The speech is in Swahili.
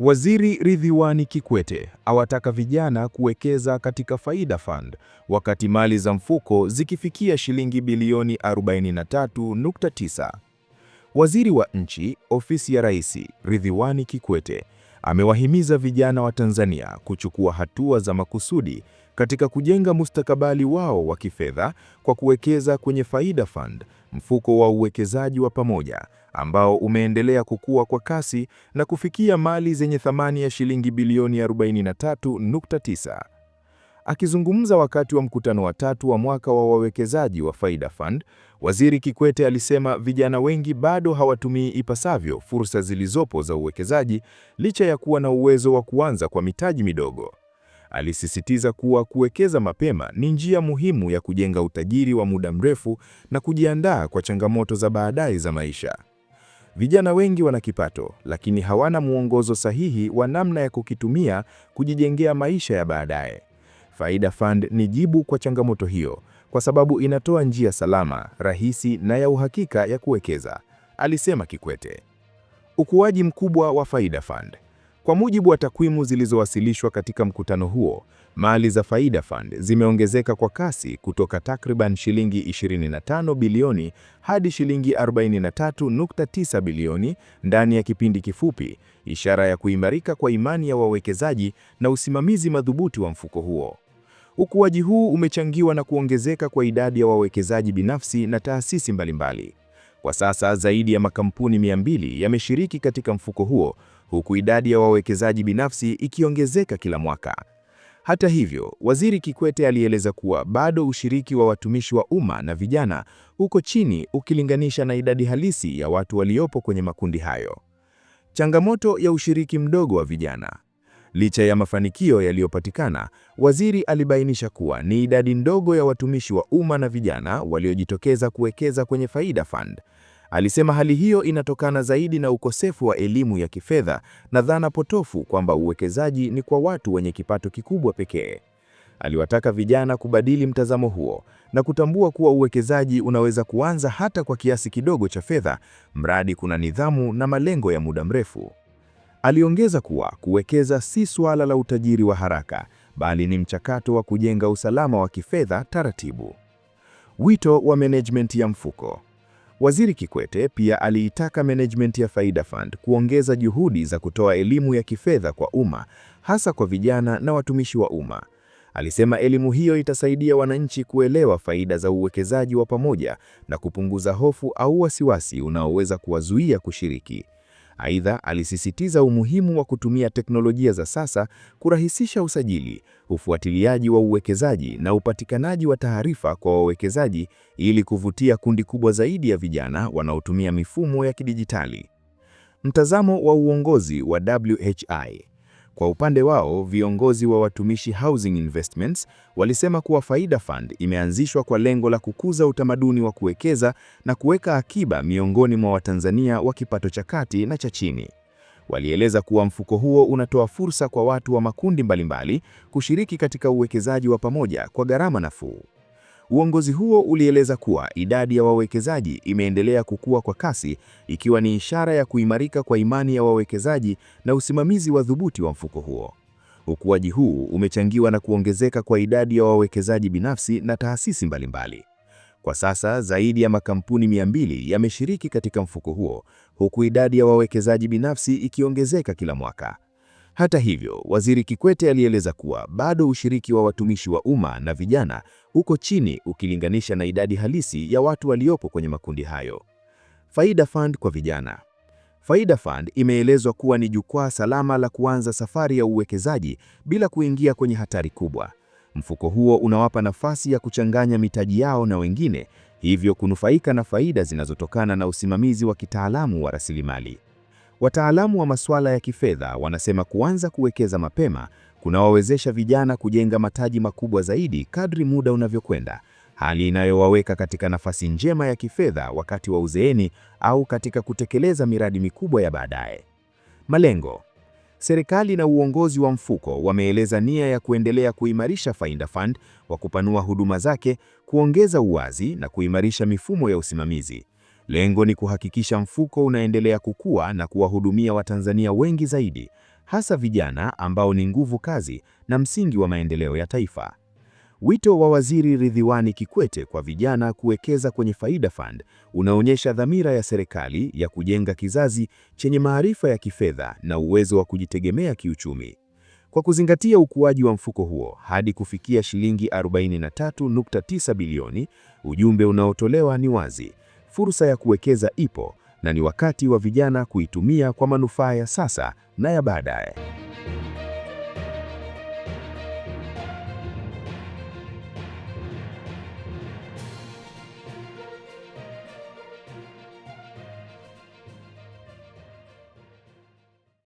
Waziri Ridhiwani Kikwete awataka vijana kuwekeza katika Faida Fund wakati mali za mfuko zikifikia shilingi bilioni 43.9. Waziri wa Nchi, Ofisi ya Rais, Ridhiwani Kikwete amewahimiza vijana wa Tanzania kuchukua hatua za makusudi katika kujenga mustakabali wao wa kifedha kwa kuwekeza kwenye Faida Fund, mfuko wa uwekezaji wa pamoja ambao umeendelea kukua kwa kasi na kufikia mali zenye thamani ya shilingi bilioni 43.9. Akizungumza wakati wa mkutano wa tatu wa mwaka wa wawekezaji wa Faida Fund, Waziri Kikwete alisema vijana wengi bado hawatumii ipasavyo fursa zilizopo za uwekezaji licha ya kuwa na uwezo wa kuanza kwa mitaji midogo. Alisisitiza kuwa kuwekeza mapema ni njia muhimu ya kujenga utajiri wa muda mrefu na kujiandaa kwa changamoto za baadaye za maisha. Vijana wengi wana kipato, lakini hawana mwongozo sahihi wa namna ya kukitumia kujijengea maisha ya baadaye. Faida Fund ni jibu kwa changamoto hiyo, kwa sababu inatoa njia salama, rahisi na ya uhakika ya kuwekeza, alisema Kikwete. Ukuaji mkubwa wa Faida Fund. Kwa mujibu wa takwimu zilizowasilishwa katika mkutano huo, mali za Faida Fund zimeongezeka kwa kasi kutoka takriban shilingi 25 bilioni hadi shilingi 43.9 bilioni ndani ya kipindi kifupi, ishara ya kuimarika kwa imani ya wawekezaji na usimamizi madhubuti wa mfuko huo. Ukuaji huu umechangiwa na kuongezeka kwa idadi ya wawekezaji binafsi na taasisi mbalimbali. Kwa sasa zaidi ya makampuni 200 yameshiriki katika mfuko huo, huku idadi ya wawekezaji binafsi ikiongezeka kila mwaka. Hata hivyo, Waziri Kikwete alieleza kuwa bado ushiriki wa watumishi wa umma na vijana uko chini ukilinganisha na idadi halisi ya watu waliopo kwenye makundi hayo. Changamoto ya ushiriki mdogo wa vijana. Licha ya mafanikio yaliyopatikana, waziri alibainisha kuwa ni idadi ndogo ya watumishi wa umma na vijana waliojitokeza kuwekeza kwenye Faida Fund. Alisema hali hiyo inatokana zaidi na ukosefu wa elimu ya kifedha na dhana potofu kwamba uwekezaji ni kwa watu wenye kipato kikubwa pekee. Aliwataka vijana kubadili mtazamo huo na kutambua kuwa uwekezaji unaweza kuanza hata kwa kiasi kidogo cha fedha, mradi kuna nidhamu na malengo ya muda mrefu. Aliongeza kuwa kuwekeza si suala la utajiri wa haraka, bali ni mchakato wa kujenga usalama wa kifedha taratibu. Wito wa management ya mfuko. Waziri Kikwete pia aliitaka management ya Faida Fund kuongeza juhudi za kutoa elimu ya kifedha kwa umma, hasa kwa vijana na watumishi wa umma. Alisema elimu hiyo itasaidia wananchi kuelewa faida za uwekezaji wa pamoja na kupunguza hofu au wasiwasi unaoweza kuwazuia kushiriki. Aidha, alisisitiza umuhimu wa kutumia teknolojia za sasa kurahisisha usajili, ufuatiliaji wa uwekezaji na upatikanaji wa taarifa kwa wawekezaji ili kuvutia kundi kubwa zaidi ya vijana wanaotumia mifumo ya kidijitali. Mtazamo wa uongozi wa WHI kwa upande wao, viongozi wa Watumishi Housing Investments walisema kuwa Faida Fund imeanzishwa kwa lengo la kukuza utamaduni wa kuwekeza na kuweka akiba miongoni mwa Watanzania wa kipato cha kati na cha chini. Walieleza kuwa mfuko huo unatoa fursa kwa watu wa makundi mbalimbali kushiriki katika uwekezaji wa pamoja kwa gharama nafuu. Uongozi huo ulieleza kuwa idadi ya wawekezaji imeendelea kukua kwa kasi, ikiwa ni ishara ya kuimarika kwa imani ya wawekezaji na usimamizi wa dhubuti wa mfuko huo. Ukuaji huu umechangiwa na kuongezeka kwa idadi ya wawekezaji binafsi na taasisi mbalimbali. Kwa sasa zaidi ya makampuni 200 yameshiriki katika mfuko huo, huku idadi ya wawekezaji binafsi ikiongezeka kila mwaka. Hata hivyo, Waziri Kikwete alieleza kuwa bado ushiriki wa watumishi wa umma na vijana uko chini ukilinganisha na idadi halisi ya watu waliopo kwenye makundi hayo. Faida Fund kwa vijana. Faida Fund imeelezwa kuwa ni jukwaa salama la kuanza safari ya uwekezaji bila kuingia kwenye hatari kubwa. Mfuko huo unawapa nafasi ya kuchanganya mitaji yao na wengine, hivyo kunufaika na faida zinazotokana na usimamizi wa kitaalamu wa rasilimali. Wataalamu wa masuala ya kifedha wanasema kuanza kuwekeza mapema kunawawezesha vijana kujenga mataji makubwa zaidi kadri muda unavyokwenda, hali inayowaweka katika nafasi njema ya kifedha wakati wa uzeeni au katika kutekeleza miradi mikubwa ya baadaye. Malengo. Serikali na uongozi wa mfuko wameeleza nia ya kuendelea kuimarisha Faida Fund kwa kupanua huduma zake, kuongeza uwazi na kuimarisha mifumo ya usimamizi. Lengo ni kuhakikisha mfuko unaendelea kukua na kuwahudumia Watanzania wengi zaidi, hasa vijana ambao ni nguvu kazi na msingi wa maendeleo ya taifa. Wito wa Waziri Ridhiwani Kikwete kwa vijana kuwekeza kwenye Faida Fund unaonyesha dhamira ya serikali ya kujenga kizazi chenye maarifa ya kifedha na uwezo wa kujitegemea kiuchumi. Kwa kuzingatia ukuaji wa mfuko huo hadi kufikia shilingi 43.9 bilioni, ujumbe unaotolewa ni wazi. Fursa ya kuwekeza ipo na ni wakati wa vijana kuitumia kwa manufaa ya sasa na ya baadaye.